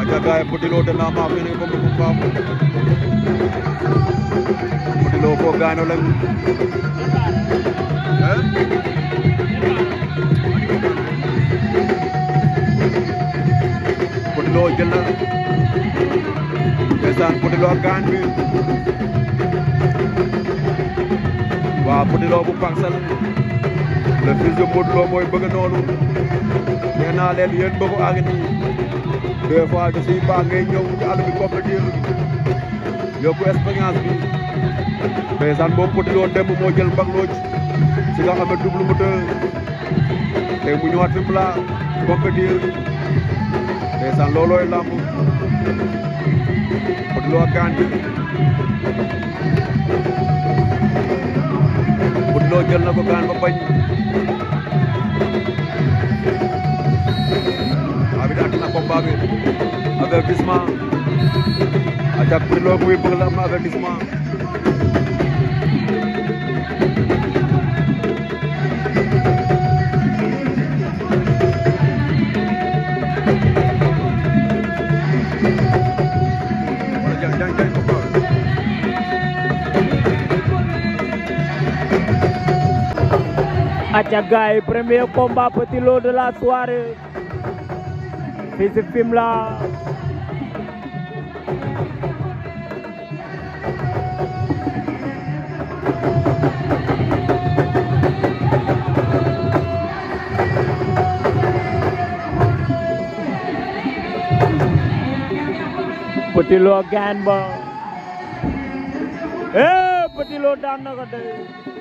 Ajaagaay Modou a dana ma fene ko ko fam Modou Lo ko gaano lang Modou Lo jël na ndeysaan Modou Lo bi waaw Modou bu Parcelles le fils de Modou Lo mooy bëgg noonu nee naa leen yéen bëggu àgg nii des fois da siy baax ngay ñëw ci àll bi compétir yokku expérience bi ndeysaan boo potiloo démb moo jël mbag looj si nga xam ne double moteur tey mu ñëwaat fi mu la compétir ndeysaan loolooy làmb potiloo ak gaan bi potiloo jël na ko gaan ba bañ avertissement attaque pour l'homme oui pour premier combat petit lot de la soirée. thì dịch phim là Petilo gan ba. Eh, petilo dan nak ada.